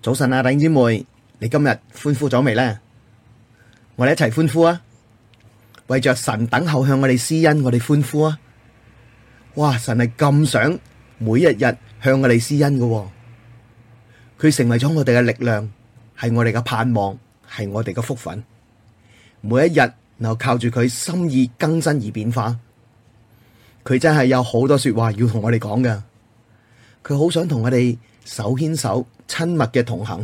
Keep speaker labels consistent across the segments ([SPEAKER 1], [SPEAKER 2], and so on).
[SPEAKER 1] 早晨啊，弟姊妹，你今日歡呼咗未呢？我哋一齊歡呼啊！為着神等候向我哋施恩，我哋歡呼啊！哇，神係咁想每一日向我哋施恩噶喎，佢成為咗我哋嘅力量，係我哋嘅盼望，係我哋嘅福分。每一日，然後靠住佢心意更新而變化，佢真係有好多說話要同我哋講噶，佢好想同我哋。手牽手親密嘅同行，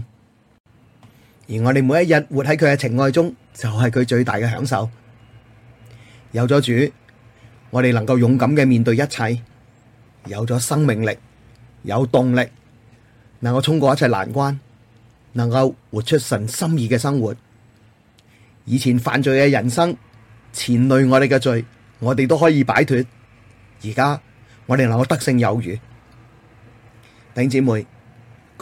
[SPEAKER 1] 而我哋每一日活喺佢嘅情愛中，就係佢最大嘅享受。有咗主，我哋能夠勇敢嘅面對一切，有咗生命力，有動力，能夠衝過一切難關，能夠活出神心意嘅生活。以前犯罪嘅人生、連累我哋嘅罪，我哋都可以擺脫。而家我哋能夠得勝有餘，頂姐妹。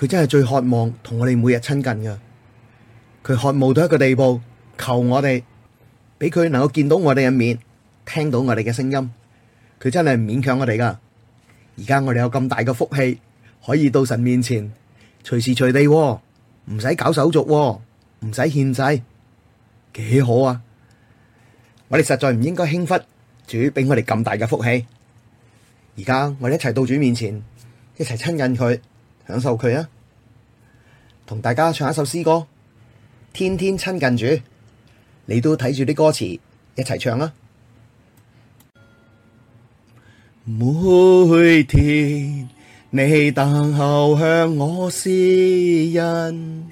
[SPEAKER 1] 佢真係最渴望同我哋每日親近噶，佢渴慕到一個地步，求我哋俾佢能夠見到我哋嘅面，聽到我哋嘅聲音。佢真係唔勉強我哋噶。而家我哋有咁大嘅福氣，可以到神面前隨時隨地，唔使搞手續，唔使獻祭，幾好啊！我哋實在唔應該輕忽主俾我哋咁大嘅福氣。而家我哋一齊到主面前，一齊親近佢，享受佢啊！同大家唱一首詩歌，天天親近主，你都睇住啲歌詞一齊唱啦。
[SPEAKER 2] 每天你等候向我施恩，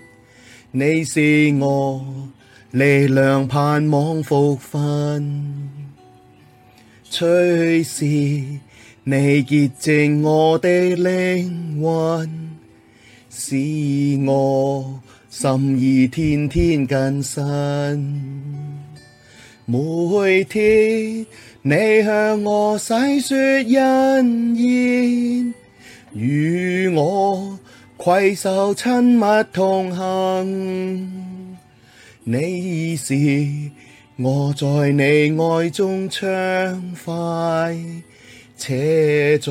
[SPEAKER 2] 你是我力量盼望福分，隨時你潔淨我的靈魂。使我心意天天更新。每天你向我細說恩言，與我攜手親密同行，你使我在你愛中暢快，且在，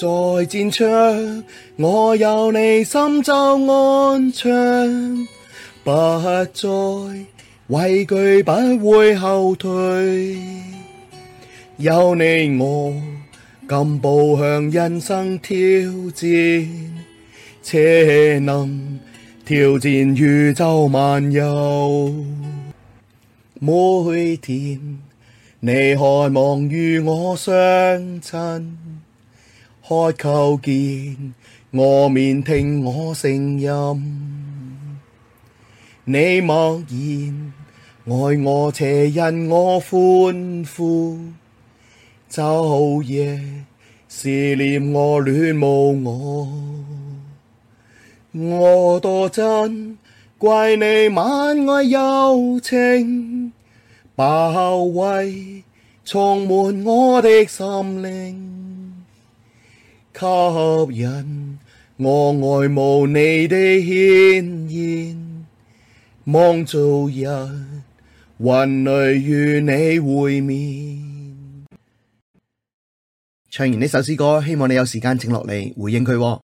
[SPEAKER 2] 在戰場，我有你心就安祥，不再畏懼，不會後退。有你我敢步向人生挑戰，且能挑戰宇宙萬有。每天你渴望與我相親。渴求見我面聽我聲音，你默然愛我且因我歡呼，晝夜思念我，戀慕我，我多珍貴你萬愛柔情包圍，充滿我的心靈。吸引我愛慕你的顯現，望早日雲裡與你會面。唱完呢首詩歌，希
[SPEAKER 1] 望你有時間靜落嚟回應佢。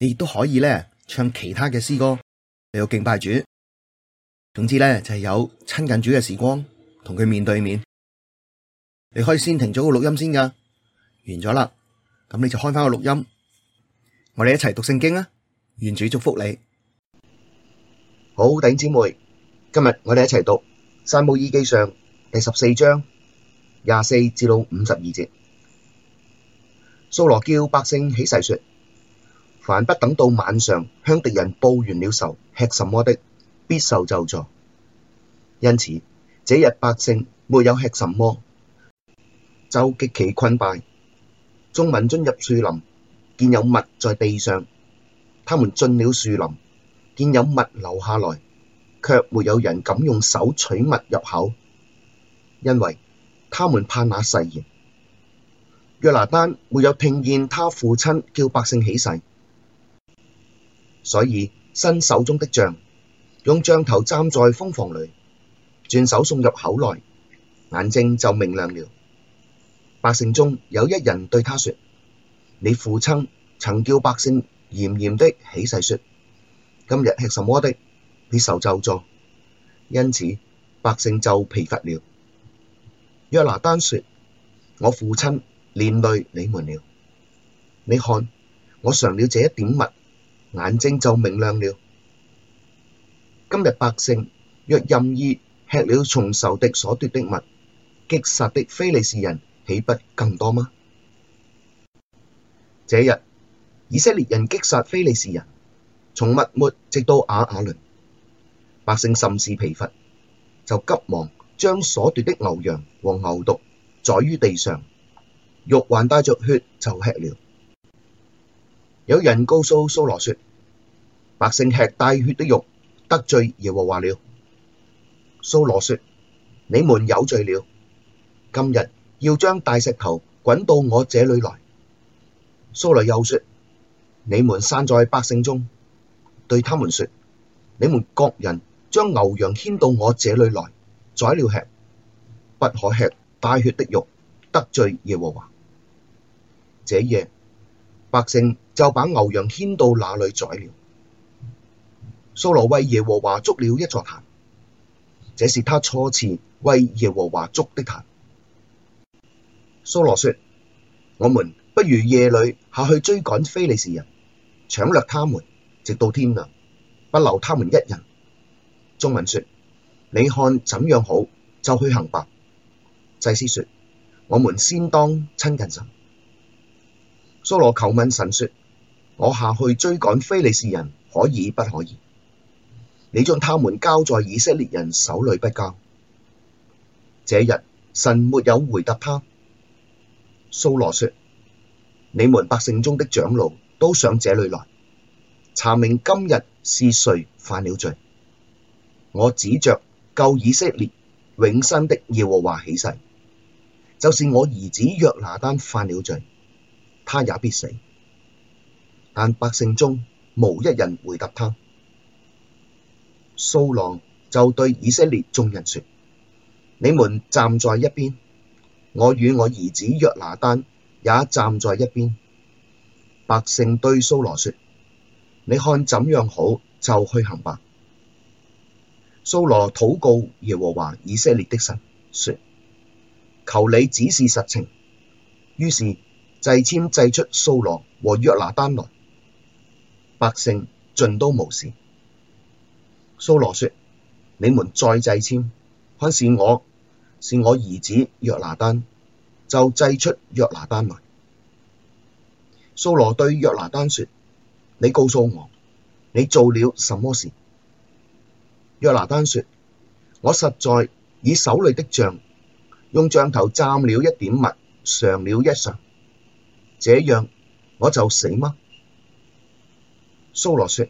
[SPEAKER 1] 你亦都可以咧唱其他嘅詩歌嚟到敬拜主。總之咧就係、是、有親近主嘅時光，同佢面對面。你可以先停咗個錄音先噶，完咗啦。咁你就開翻個錄音，我哋一齊讀聖經啊！願主祝福你。好，弟兄姊妹，今日我哋一齊讀《撒母耳記上》第十四章廿四至到五十二節。掃羅叫百姓起誓說：凡不等到晚上向敵人報完了了仇，吃什麼的必受咒詛。」因此，這日百姓沒有吃什麼，就極其困憊。眾民進入樹林，見有蜜在地上；他們進了樹林，見有蜜流下來，卻沒有人敢用手取蜜入口，因為他們怕那誓言。約拿單沒有聽見他父親叫百姓起誓，所以伸手中的杖，用杖頭蘸在蜂房裏，轉手送入口內，眼睛就明亮了。百姓中有一人對他說：你父親曾叫百姓嚴嚴的起誓說：今日吃什麼的，必受咒詛。因此百姓就疲乏了。約拿單說：我父親連累你們了。你看，我嘗了這一點蜜，眼睛就明亮了。今日百姓若任意吃了從仇敵所奪的物，擊殺的非利士人。豈不更多嗎？這日以色列人擊殺非利士人，從密抹直到亞雅崙，百姓甚是疲乏，就急忙將所奪的牛羊和牛犢宰於地上，肉還帶着血就吃了。有人告訴掃羅說：百姓吃帶血的肉，得罪耶和華了。掃羅說：你們有罪了，今日，要將大石頭滾到我這裏來。掃羅又說：你們散在百姓中，對他們說：你們各人將牛羊牽到我這裏來宰了吃，不可吃帶血的肉，得罪耶和華。這夜，百姓就把牛羊牽到那裏宰了。蘇羅為耶和華築了一座壇，這是他初次為耶和華築的壇。掃羅說：我們不如夜裡下去追趕非利士人，搶掠他們，直到天亮，不留他們一人。眾民說：你看怎樣好，就去行吧。祭司說：我們先當親近神。掃羅求問神說：我下去追趕非利士人可以不可以？你將他們交在以色列人手裡不交？這日神沒有回答他。掃羅說：你們百姓中的長老都上這裏來，查明今日是誰犯了罪。我指着救以色列永生的耶和華起誓，就是我兒子約拿單犯了罪，他也必死。但百姓中無一人回答他。掃羅就對以色列眾人說：你們站在一邊。我與我兒子約拿單也站在一邊。百姓對掃羅說：你看怎樣好就去行吧。掃羅禱告耶和華以色列的神說：求你指示實情。於是掣籤掣出掃羅和約拿單來。百姓盡都無事。掃羅說：你們再掣籤，看是我。是我兒子約拿單，就掣出約拿單來。掃羅對約拿單說：你告訴我，你做了什麼事？約拿單說：我實在以手裡的杖，用杖頭蘸了一點蜜，嘗了一嘗，這樣我就死嗎？掃羅說：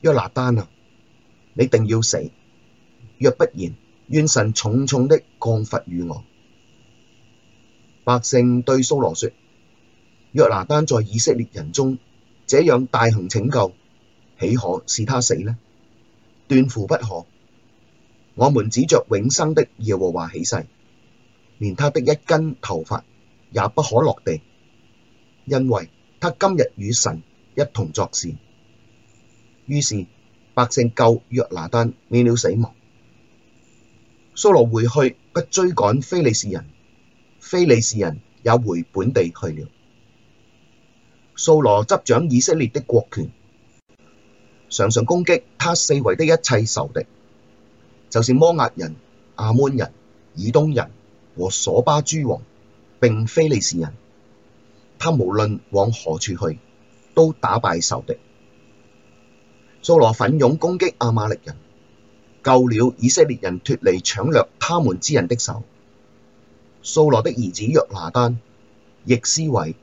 [SPEAKER 1] 約拿單啊，你定要死，若不然，願神重重的。降罰與我。百姓對掃羅說：約拿單在以色列人中這樣大行拯救，豈可使他死呢？斷乎不可！我們指著永生的耶和華起誓，連他的一根頭髮也不可落地，因為他今日與神一同作事。於是百姓救約拿單免了死亡。掃羅回去，不追趕非利士人，非利士人也回本地去了。掃羅執掌以色列的國權，常常攻擊他四圍的一切仇敵，就是摩押人、亞捫人、以東人和瑣巴諸王，並非利士人。他無論往何處去，都打敗仇敵。掃羅奮勇攻擊亞瑪力人。救了以色列人脫離搶掠他們之人的手。掃羅的兒子約拿單，亦施韋、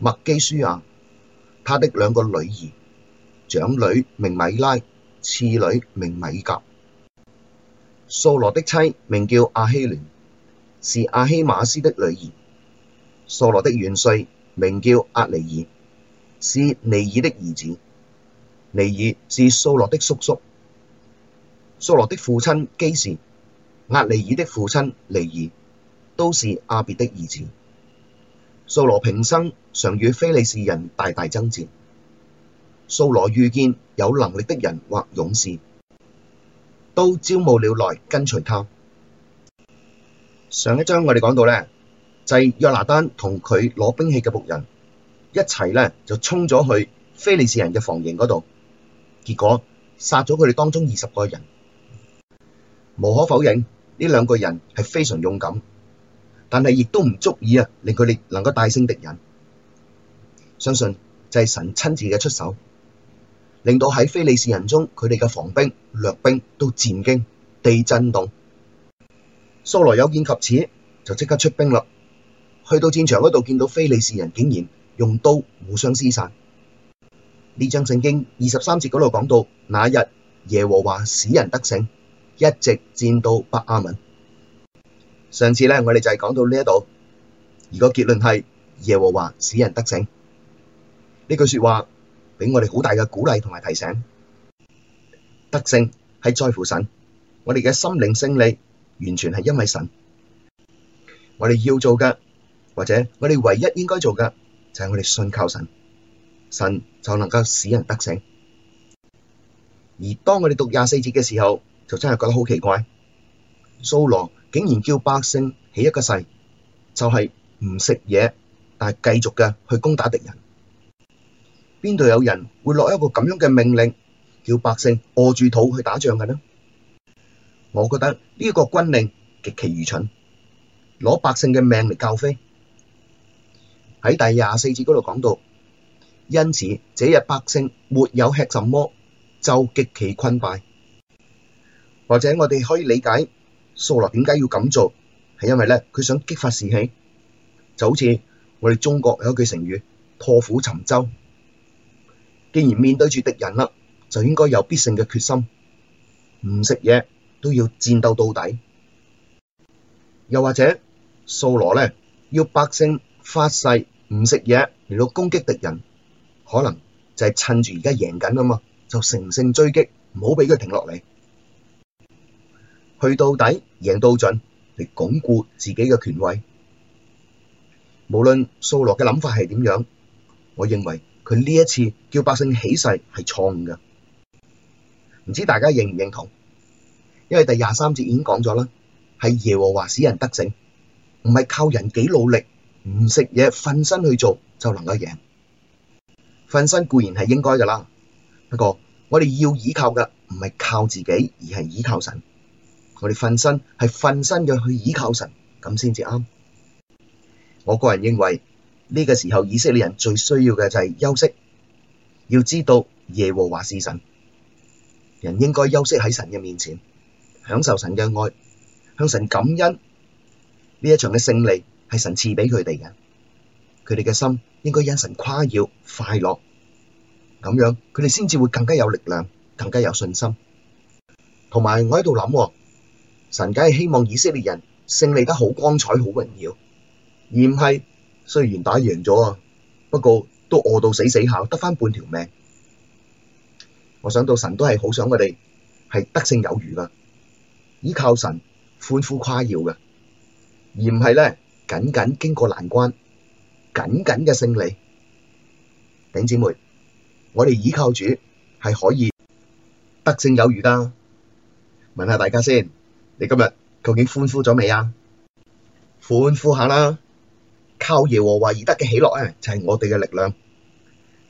[SPEAKER 1] 麥基舒亞，他的兩個女兒，長女名米拉，次女名米甲。掃羅的妻名叫阿希蓮，是阿希馬斯的女兒。掃羅的元帥名叫押尼珥，是尼珥的兒子。尼珥是掃羅的叔叔。掃羅的父親基士，押尼珥的父親尼珥，都是亞別的兒子。掃羅平生常與非利士人大大爭戰。掃羅遇見有能力的人或勇士，都招募了來跟隨他。上一章我哋講到呢就係、是、約拿單同佢攞兵器嘅僕人一齊呢就衝咗去非利士人嘅防營嗰度，結果殺咗佢哋當中二十個人。無可否認，呢兩個人係非常勇敢，但係亦都唔足以啊，令佢哋能夠大勝敵人。相信就係神親自嘅出手，令到喺非利士人中佢哋嘅防兵、掠兵都戰兢，地震動。掃羅有見及此，就即刻出兵啦。去到戰場嗰度，見到非利士人竟然用刀互相廝殺。呢章聖經二十三節嗰度講到，那日耶和華使人得勝。一直戰到伯亞文。上次咧，我哋就係講到呢一度，而個結論係耶和華使人得勝呢句說話，畀我哋好大嘅鼓勵同埋提醒。得勝係在乎神，我哋嘅心靈勝利完全係因為神。我哋要做嘅，或者我哋唯一應該做嘅，就係我哋信靠神，神就能夠使人得勝。而當我哋讀廿四節嘅時候。就真係覺得好奇怪，掃羅竟然叫百姓起一個誓，就係唔食嘢，但係繼續嘅去攻打敵人。邊度有人會落一個咁樣嘅命令，叫百姓餓住肚去打仗嘅呢？我覺得呢個軍令極其愚蠢，攞百姓嘅命嚟教飛。喺第廿四節嗰度講到，因此這日百姓沒有吃什麼，就極其困憊。或者我哋可以理解掃羅點解要咁做，係因為咧佢想激發士氣，就好似我哋中國有一句成語：破釜沉舟。既然面對住敵人啦，就應該有必勝嘅決心，唔食嘢都要戰鬥到底。又或者掃羅咧要百姓發誓唔食嘢，嚟到攻擊敵人，可能就係趁住而家贏緊啊嘛，就乘勝追擊，唔好俾佢停落嚟。去到底，贏到盡，嚟鞏固自己嘅權位。無論掃羅嘅諗法係點樣，我認為佢呢一次叫百姓起誓係錯誤噶。唔知大家認唔認同？因為第廿三節已經講咗啦，係耶和華使人得勝，唔係靠人幾努力，唔食嘢，瞓身去做就能夠贏。瞓身固然係應該噶啦，不過我哋要依靠嘅唔係靠自己，而係依靠神。我哋瞓身係瞓身嘅去倚靠神，咁先至啱。我個人認為呢個時候以色列人最需要嘅就係休息。要知道耶和華是神，人應該休息喺神嘅面前，享受神嘅愛，向神感恩。呢一場嘅勝利係神賜畀佢哋嘅，佢哋嘅心應該因神誇耀快樂。咁樣佢哋先至會更加有力量，更加有信心。同埋我喺度諗喎。神梗係希望以色列人勝利得好光彩、好榮耀，而唔係雖然打贏咗啊，不過都餓到死死，死，死下，得返半條命。我想到神都係好想我哋係得勝有餘噶，依靠神歡呼誇耀噶，而唔係咧僅僅經過難關，僅僅嘅勝利。頂姊妹，我哋依靠主係可以得勝有餘噶。問下大家先。你今日究竟歡呼咗未啊？歡呼下啦，靠耶和華而得嘅喜樂咧，就係我哋嘅力量。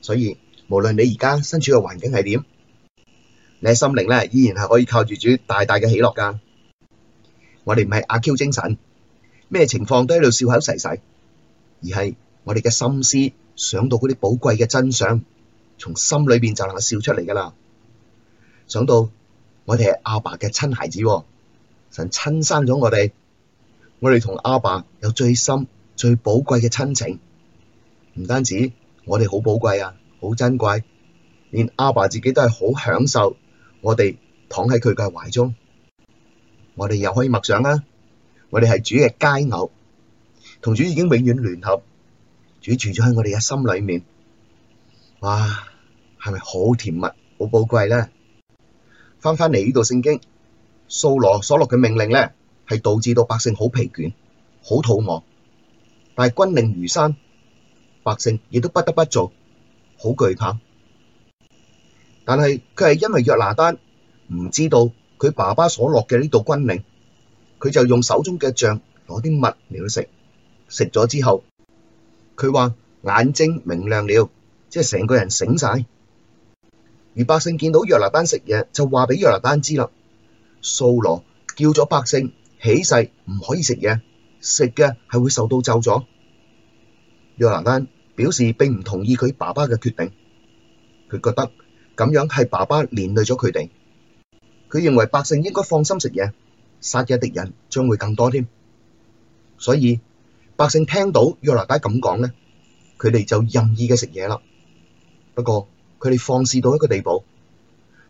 [SPEAKER 1] 所以無論你而家身處嘅環境係點，你嘅心靈咧依然係可以靠住主大大嘅喜樂噶。我哋唔係阿 Q 精神，咩情況都喺度笑口噬噬，而係我哋嘅心思想到嗰啲寶貴嘅真相，從心裏邊就能夠笑出嚟噶啦。想到我哋係阿爸嘅親孩子喎。神親生咗我哋，我哋同阿爸有最深、最寶貴嘅親情。唔單止我哋好寶貴啊，好珍貴，連阿爸自己都係好享受我哋躺喺佢嘅懷中。我哋又可以默想啦，我哋係主嘅佳偶，同主已經永遠聯合，主住咗喺我哋嘅心裏面。哇，係咪好甜蜜、好寶貴咧？翻返嚟呢度聖經。掃羅所落嘅命令呢，係導致到百姓好疲倦、好肚餓，但係軍令如山，百姓亦都不得不做，好懼怕。但係佢係因為約拿單唔知道佢爸爸所落嘅呢道軍令，佢就用手中嘅杖攞啲物料食，食咗之後，佢話眼睛明亮了，即係成個人醒晒。而百姓見到約拿單食嘢，就話畀約拿單知啦。掃羅叫咗百姓起誓，唔可以食嘢，食嘅係會受到咒詛。約拿單表示並唔同意佢爸爸嘅決定，佢覺得咁樣係爸爸連累咗佢哋。佢認為百姓應該放心食嘢，殺嘅敵人將會更多添。所以百姓聽到約拿單咁講咧，佢哋就任意嘅食嘢啦。不過佢哋放肆到一個地步，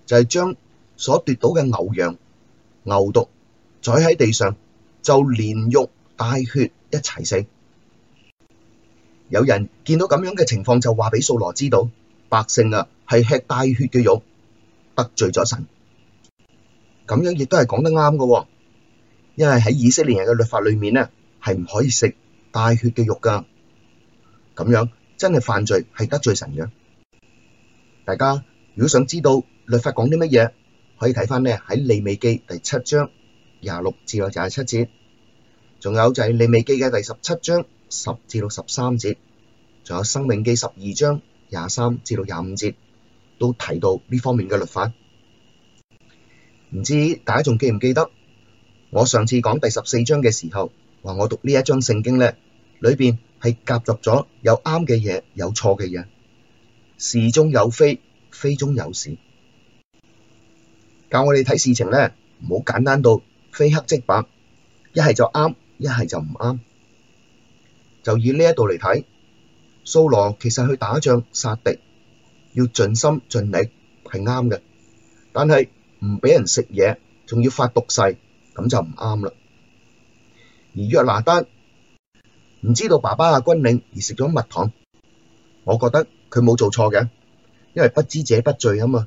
[SPEAKER 1] 就係、是、將所奪到嘅牛羊。牛犢宰喺地上，就連肉帶血一齊食。有人見到咁樣嘅情況，就話俾掃羅知道，百姓啊，係吃帶血嘅肉，得罪咗神。咁樣亦都係講得啱嘅，因為喺以色列人嘅律法裏面呢，係唔可以食帶血嘅肉噶。咁樣真係犯罪，係得罪神嘅。大家如果想知道律法講啲乜嘢，可以睇返呢，喺《利未記》第七章廿六至到廿七節，仲有就係《利未記》嘅第十七章十至到十三節，仲有《生命記》十二章廿三至到廿五節，都提到呢方面嘅律法。唔知大家仲記唔記得我上次講第十四章嘅時候話，我讀呢一章聖經呢裏邊，係夾雜咗有啱嘅嘢，有錯嘅嘢，是中有非，非中有是。教我哋睇事情咧，唔好簡單到非黑即白，一係就啱，一係就唔啱。就以呢一度嚟睇，掃羅其實去打仗殺敵，要盡心盡力係啱嘅，但係唔畀人食嘢，仲要發毒誓，咁就唔啱啦。而約拿單唔知道爸爸嘅軍令而食咗蜜糖，我覺得佢冇做錯嘅，因為不知者不罪啊嘛。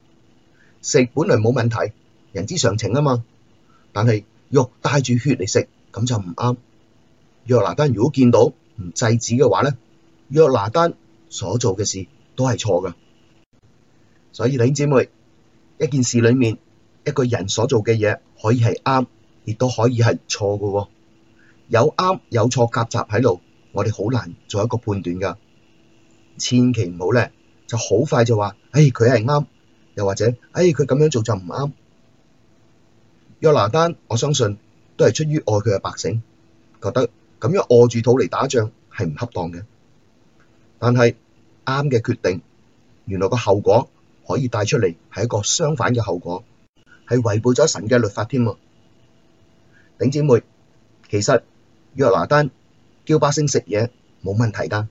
[SPEAKER 1] 食本來冇問題，人之常情啊嘛。但係肉帶住血嚟食咁就唔啱。約拿單如果見到唔制止嘅話咧，約拿單所做嘅事都係錯㗎。所以弟兄姊妹，一件事裡面一個人所做嘅嘢可以係啱，亦都可以係錯嘅喎。有啱有錯夾雜喺度，我哋好難做一個判斷㗎。千祈唔好咧，就好快就話，誒佢係啱。又或者，唉、哎，佢咁樣做就唔啱。約拿單，我相信都係出於愛佢嘅百姓，覺得咁樣餓住肚嚟打仗係唔恰當嘅。但係啱嘅決定，原來個後果可以帶出嚟係一個相反嘅後果，係違背咗神嘅律法添。頂姐妹，其實約拿單叫百姓食嘢冇問題噶，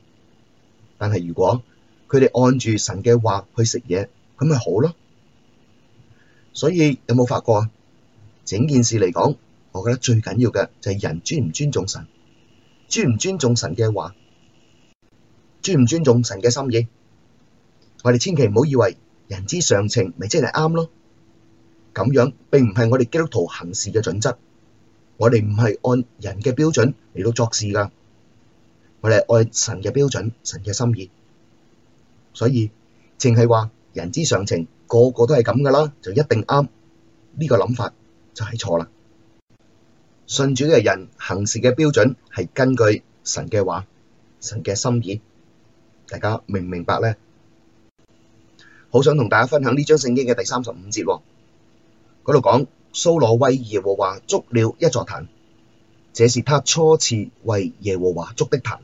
[SPEAKER 1] 但係如果佢哋按住神嘅話去食嘢。咁咪好咯，所以有冇發覺啊？整件事嚟講，我覺得最緊要嘅就係人尊唔尊重神，尊唔尊重神嘅話，尊唔尊重神嘅心意。我哋千祈唔好以為人之常情，咪即係啱咯。咁樣並唔係我哋基督徒行事嘅準則，我哋唔係按人嘅標準嚟到作事㗎，我哋係按神嘅標準、神嘅心意。所以淨係話。人之常情，個個都係咁噶啦，就一定啱呢個諗法就係錯啦。信主嘅人行事嘅標準係根據神嘅話、神嘅心意，大家明唔明白咧？好想同大家分享呢章聖經嘅第三十五節喎，嗰度講掃羅為耶和華築了一座壇，這是他初次為耶和華築的壇。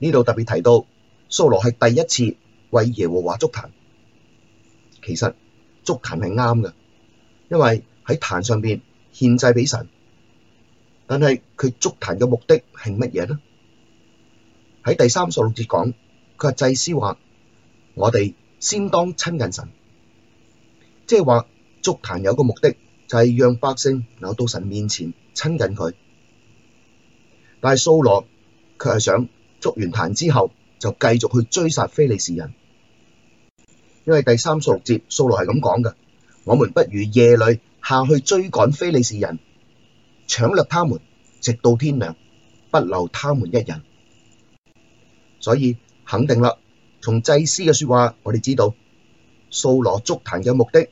[SPEAKER 1] 呢度特別提到掃羅係第一次為耶和華築壇。其實築壇係啱嘅，因為喺壇上邊獻祭畀神。但係佢築壇嘅目的係乜嘢呢？喺第三十六節講，佢話祭司話：我哋先當親近神，即係話築壇有個目的就係、是、讓百姓扭到神面前親近佢。但係掃羅卻係想築完壇之後就繼續去追殺非利士人。因為第三十六節，掃羅係咁講噶，我們不如夜裡下去追趕非利士人，搶掠他們，直到天亮，不留他們一人。所以肯定啦，從祭司嘅說話，我哋知道掃羅築壇嘅目的，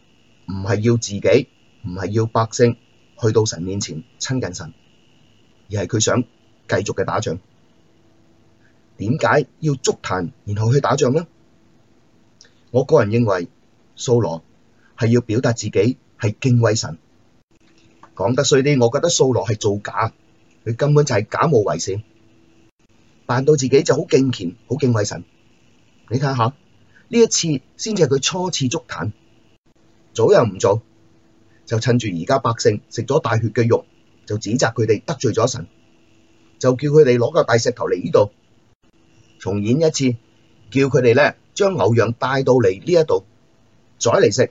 [SPEAKER 1] 唔係要自己，唔係要百姓去到神面前親近神，而係佢想繼續嘅打仗。點解要築壇，然後去打仗呢？我個人認為，掃羅係要表達自己係敬畏神。講得衰啲，我覺得掃羅係造假，佢根本就係假冒偽善，扮到自己就好敬虔、好敬畏神。你睇下，呢一次先至係佢初次築壇，早又唔做，就趁住而家百姓食咗帶血嘅肉，就指責佢哋得罪咗神，就叫佢哋攞個大石頭嚟呢度重演一次，叫佢哋咧。將牛羊帶到嚟呢一度宰嚟食，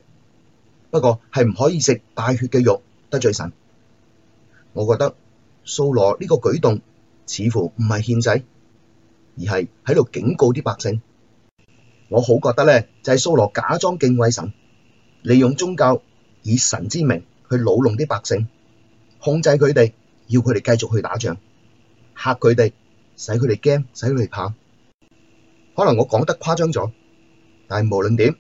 [SPEAKER 1] 不過係唔可以食帶血嘅肉得罪神。我覺得掃羅呢個舉動似乎唔係獻祭，而係喺度警告啲百姓。我好覺得咧，就係掃羅假裝敬畏神，利用宗教以神之名去老弄啲百姓，控制佢哋，要佢哋繼續去打仗，吓佢哋，使佢哋驚，使佢哋怕。可能我講得誇張咗，但係無論點，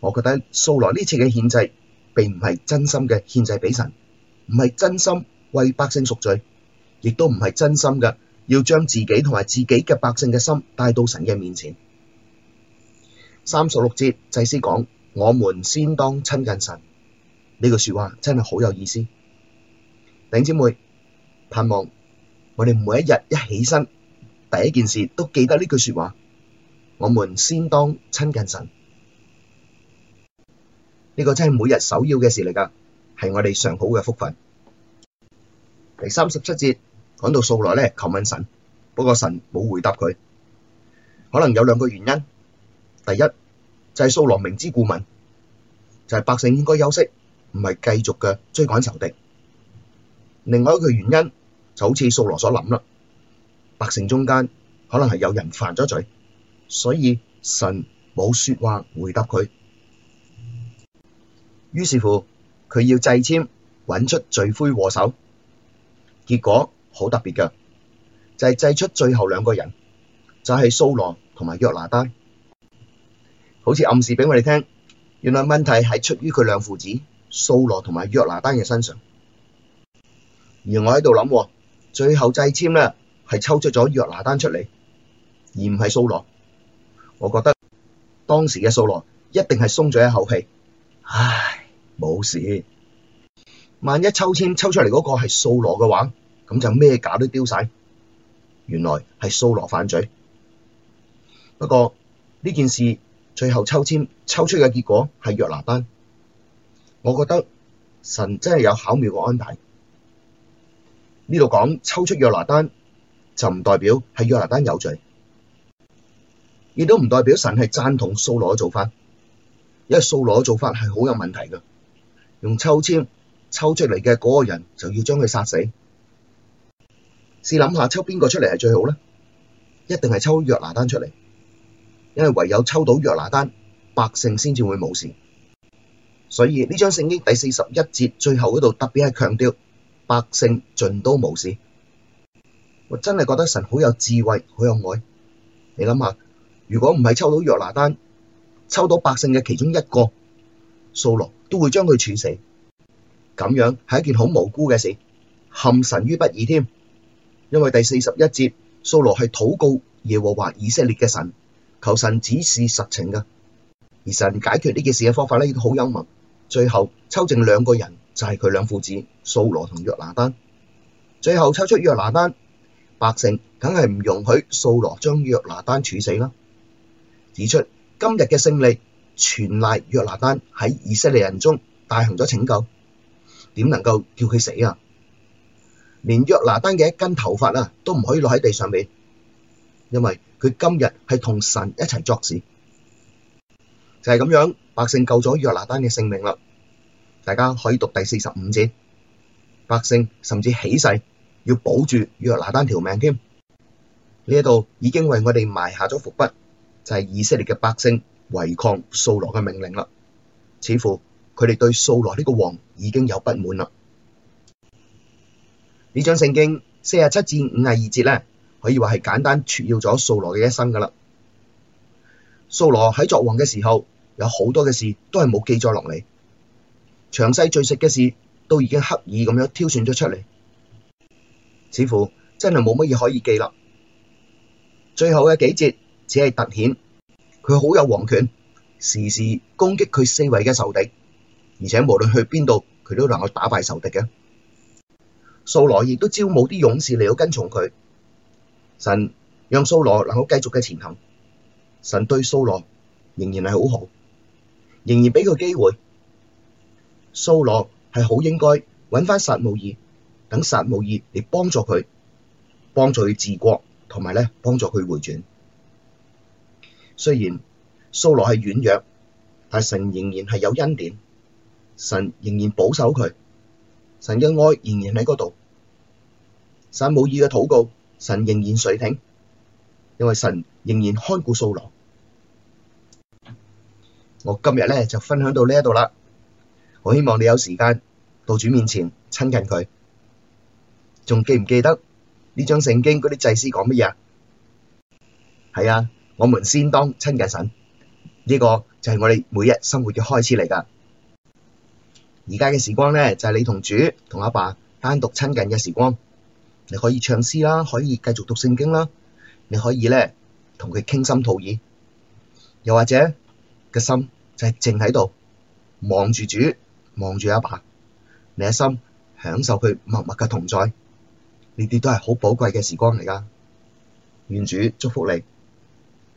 [SPEAKER 1] 我覺得掃羅呢次嘅獻祭並唔係真心嘅獻祭畀神，唔係真心為百姓贖罪，亦都唔係真心嘅要將自己同埋自己嘅百姓嘅心帶到神嘅面前。三十六節祭司講：「我們先當親近神。」呢句說話真係好有意思，弟兄姊妹盼望我哋每一日一起身，第一件事都記得呢句說話。我們先當親近神，呢、這個真係每日首要嘅事嚟㗎，係我哋上好嘅福分。第三十七節講到掃羅呢，求問神，不過神冇回答佢，可能有兩個原因。第一就係、是、掃羅明知故問，就係、是、百姓應該休息，唔係繼續嘅追趕仇敵。另外一個原因就好似掃羅所諗啦，百姓中間可能係有人犯咗罪。所以神冇說話回答佢，於是乎佢要掣籤揾出罪魁禍首，結果好特別嘅就係、是，祭出最後兩個人就係掃羅同埋約拿單，好似暗示畀我哋聽，原來問題係出於佢兩父子掃羅同埋約拿單嘅身上。而我喺度諗，最後掣籤呢係抽出咗約拿單出嚟，而唔係掃羅。我覺得當時嘅掃羅一定係鬆咗一口氣，唉，冇事。萬一抽籤抽出嚟嗰個係掃羅嘅話，咁就咩假都丟晒。原來係掃羅犯罪。不過呢件事最後抽籤抽出嘅結果係約拿單。我覺得神真係有巧妙嘅安排。呢度講抽出約拿單，就唔代表係約拿單有罪。亦都唔代表神係讚同掃羅嘅做法，因為掃羅嘅做法係好有問題噶。用抽簽抽出嚟嘅嗰個人就要將佢殺死。試諗下抽邊個出嚟係最好咧？一定係抽約拿單出嚟，因為唯有抽到約拿單，百姓先至會冇事。所以呢張聖經第四十一節最後嗰度特別係強調百姓盡都冇事。我真係覺得神好有智慧，好有愛。你諗下。如果唔係抽到約拿單，抽到百姓嘅其中一個，掃羅都會將佢處死。咁樣係一件好無辜嘅事，陷神於不義添。因為第四十一節，掃羅係禱告耶和華以色列嘅神，求神指示實情噶。而神解決呢件事嘅方法咧，亦都好幽默。最後抽剩兩個人就係佢兩父子，掃羅同約拿單。最後抽出約拿單，百姓梗係唔容許掃羅將約拿單處死啦。指出今日嘅勝利全賴約拿單喺以色列人中大行咗拯救，點能夠叫佢死啊？連約拿單嘅一根頭髮啊都唔可以落喺地上面，因為佢今日係同神一齊作事，就係咁樣百姓救咗約拿單嘅性命啦。大家可以讀第四十五節，百姓甚至起誓要保住約拿單條命添。呢一度已經為我哋埋下咗伏筆。就係以色列嘅百姓違抗掃羅嘅命令啦，似乎佢哋對掃羅呢個王已經有不滿啦。呢章聖經四十七至五廿二節五十二節咧，節可以話係簡單撮要咗掃羅嘅一生噶啦。掃羅喺作王嘅時候，有好多嘅事都係冇記載落嚟，詳細敘述嘅事都已經刻意咁樣挑選咗出嚟，似乎真係冇乜嘢可以記啦。最後嘅幾節。只係突顯佢好有皇權，時時攻擊佢四圍嘅仇敵，而且無論去邊度，佢都能夠打敗仇敵嘅。掃羅亦都招募啲勇士嚟到跟從佢。神讓掃羅能夠繼續嘅前行，神對掃羅仍然係好好，仍然俾佢機會。掃羅係好應該揾翻撒母耳，等撒母耳嚟幫助佢，幫助佢治國，同埋咧幫助佢回轉。雖然掃羅係軟弱，但神仍然係有恩典，神仍然保守佢，神嘅愛仍然喺嗰度。撒母耳嘅禱告，神仍然垂聽，因為神仍然看顧掃羅。我今日咧就分享到呢一度啦，我希望你有時間到主面前親近佢。仲記唔記得呢章聖經嗰啲祭司講乜嘢啊？係啊。我們先當親近神，呢個就係我哋每日生活嘅開始嚟噶。而家嘅時光咧，就係你同主同阿爸單獨親近嘅時光。你可以唱詩啦，可以繼續讀聖經啦，你可以咧同佢傾心吐意，又或者個心就係靜喺度望住主，望住阿爸，你嘅心享受佢默默嘅同在，呢啲都係好寶貴嘅時光嚟噶。願主祝福你。